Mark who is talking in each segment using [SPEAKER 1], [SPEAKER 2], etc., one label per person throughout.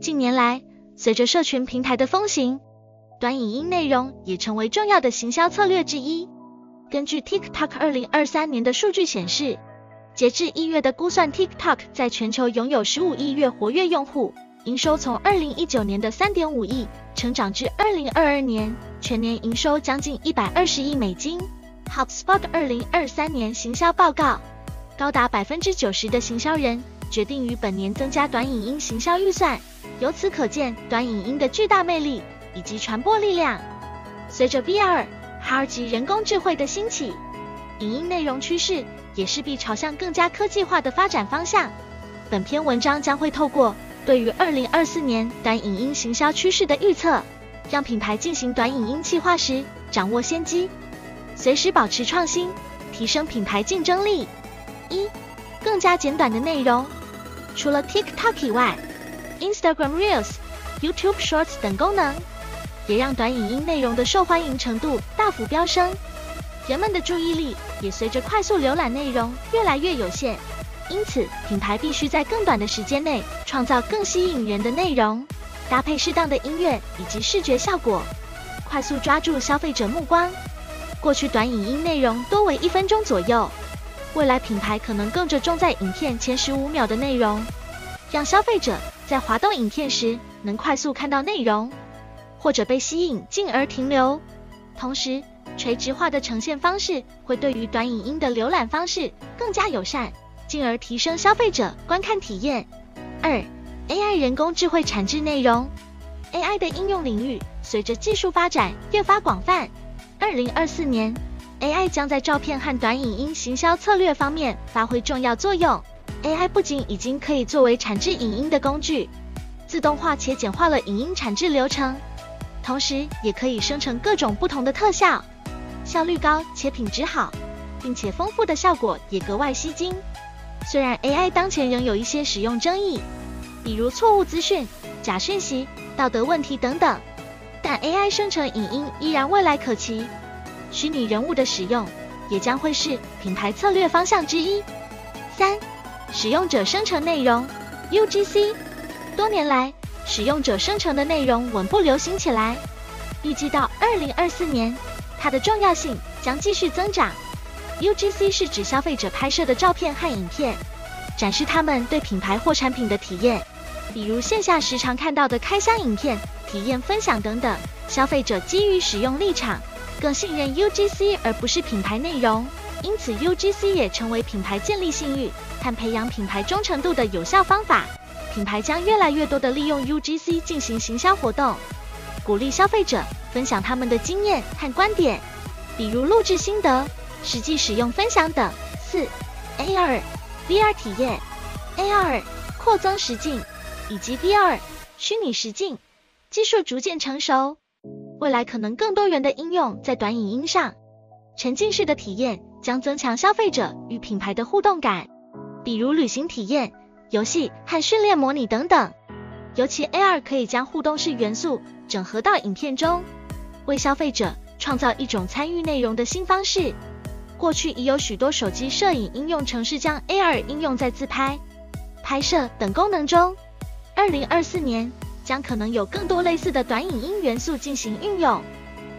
[SPEAKER 1] 近年來，隨着社群平台的風行，短影音內容也成為重要的行銷策略之一。根據 TikTok 二零二三年的數據顯示，截至一月的估算，TikTok 在全球擁有十五億月活躍用戶，營收從二零一九年的三點五億，成長至二零二二年全年營收將近一百二十億美金。HubSpot 二零二三年行銷報告，高達百分之九十的行銷人，決定於本年增加短影音行銷預算，由此可見短影音的巨大魅力以及傳播力量。隨着 VR、AR 及人工智慧的興起，影音內容趨勢也勢必朝向更加科技化的發展方向。本篇文章將會透過對於二零二四年短影音行銷趨勢的預測，讓品牌進行短影音企劃時掌握先機，隨時保持創新，提升品牌競爭力。一、更加簡短的內容。除了 TikTok 以外，Instagram Reels、YouTube Shorts 等功能，也讓短影音內容的受歡迎程度大幅飆升。人們的注意力也隨着快速瀏覽內容越來越有限，因此品牌必須在更短的時間內創造更吸引人的內容，搭配適當的音樂以及視覺效果，快速抓住消費者目光。過去短影音內容多為一分鐘左右。未來品牌可能更着重在影片前十五秒的內容，讓消費者在滑動影片時能快速看到內容，或者被吸引進而停留。同時，垂直化的呈現方式會對於短影音的瀏覽方式更加友善，進而提升消費者觀看體驗。二、AI 人工智慧產制內容，AI 的應用領域隨着技術發展越發廣泛。二零二四年，AI 將在照片和短影音行銷策略方面發揮重要作用。AI 不僅已經可以作為產制影音的工具，自動化且簡化了影音產制流程，同時也可以生成各種不同的特效，效率高且品質好，並且豐富的效果也格外吸睛。雖然 AI 當前仍有一些使用爭議，比如錯誤資訊、假訊息、道德問題等等，但 AI 生成影音依然未來可期。虛擬人物的使用也將會是品牌策略方向之一。三、使用者生成內容 （UGC）。多年來，使用者生成的內容穩步流行起來。預計到二零二四年，它的重要性將繼續增長。UGC 是指消費者拍攝的照片和影片，展示他們對品牌或產品的體驗，比如線下時常看到的開箱影片、體驗分享等等。消費者基於使用立場，更信任 UGC 而不是品牌內容，因此 UGC 也成為品牌建立信譽和培養品牌忠誠度的有效方法。品牌將越來越多地利用 UGC 進行行銷活動，鼓勵消費者分享他們的經驗和觀點，比如錄制心得、實際使用分享等。四、AR、VR 體驗，AR 擴增實境以及 VR 虛擬實境技術逐漸成熟。未來可能更多元的應用在短影音上，沉浸式的體驗將增強消費者與品牌的互動感，比如旅行體驗、遊戲和訓練模擬等等。尤其 AR 可以將互動式元素整合到影片中，為消費者創造一種參與內容的新方式。過去已有許多手機攝影應用程式將 AR 應用在自拍、拍攝等功能中。二零二四年，將可能有更多類似的短影音元素進行運用，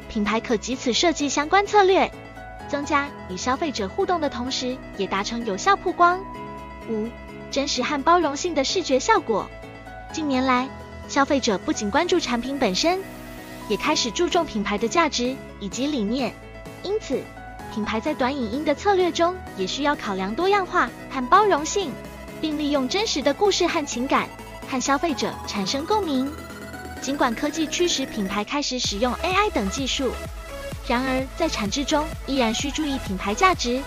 [SPEAKER 1] 品牌可藉此設計相關策略，增加與消費者互動的同時，也達成有效曝光。五、真實和包容性的視覺效果。近年來，消費者不僅關注產品本身，也開始注重品牌的價值以及理念。因此，品牌在短影音的策略中也需要考量多樣化和包容性，並利用真實的故事和情感，和消費者產生共鳴。儘管科技驅使品牌開始使用 AI 等技術，然而在產制中依然需注意品牌價值。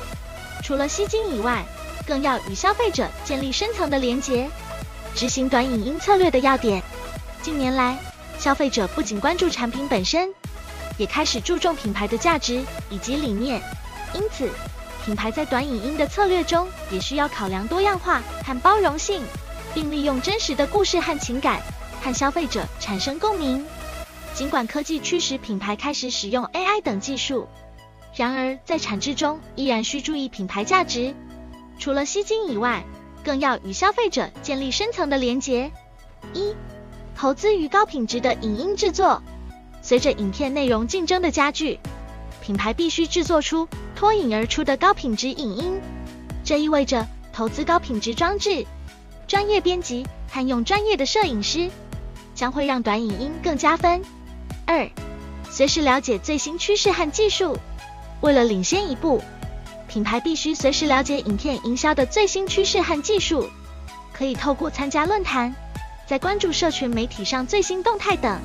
[SPEAKER 1] 除了吸睛以外，更要與消費者建立深層的連結。執行短影音策略的要點，近年來，消費者不僅關注產品本身，也開始注重品牌的價值以及理念。因此，品牌在短影音的策略中也需要考量多樣化和包容性。並利用真實的故事和情感，和消費者產生共鳴。儘管科技驅使品牌開始使用 AI 等技術，然而在產制中依然需注意品牌價值。除了吸睛以外，更要與消費者建立深層的連結。一、投資於高品質的影音制作。隨着影片內容競爭的加劇，品牌必須制作出脫穎而出的高品質影音。這意味着投資高品質裝置。專業編輯和用專業的攝影師將會讓短影音更加分。二，隨時了解最新趨勢和技術。為了領先一步，品牌必須隨時了解影片營銷的最新趨勢和技術。可以透過參加論壇，在關注社群媒體上最新動態等，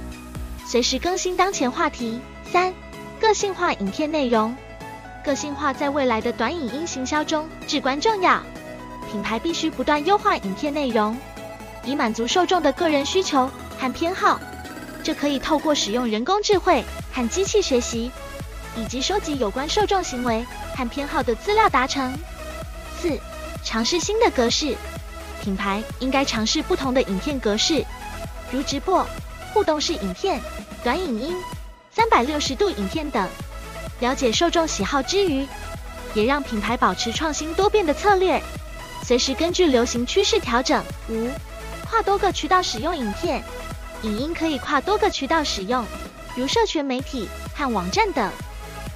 [SPEAKER 1] 隨時更新當前話題。三，個性化影片內容。個性化在未來的短影音行銷中至關重要。品牌必須不斷優化影片內容，以滿足受眾的個人需求和偏好。這可以透過使用人工智慧和機器學習，以及收集有關受眾行為和偏好的資料達成。四，嘗試新的格式。品牌應該嘗試不同的影片格式，如直播、互動式影片、短影音、三百六十度影片等。了解受眾喜好之餘，也讓品牌保持創新多變的策略。隨時根據流行趨勢調整。五，跨多個渠道使用影片。影音可以跨多個渠道使用，如社群媒體和網站等。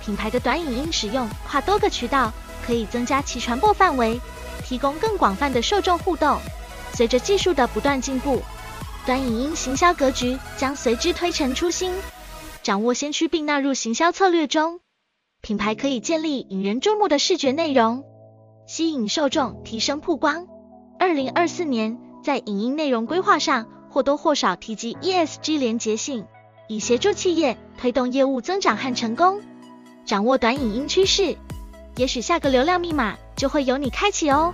[SPEAKER 1] 品牌的短影音使用跨多個渠道，可以增加其傳播範圍，提供更廣泛的受眾互動。隨着技術的不斷進步，短影音行銷格局將隨之推陳出新。掌握先驅並納入行銷策略中，品牌可以建立引人注目的視覺內容。吸引受眾，提升曝光。二零二四年，在影音內容規劃上，或多或少提及 ESG 連結性，以協助企業推動業務增長和成功。掌握短影音趨勢，也許下個流量密碼就會由你開啟哦。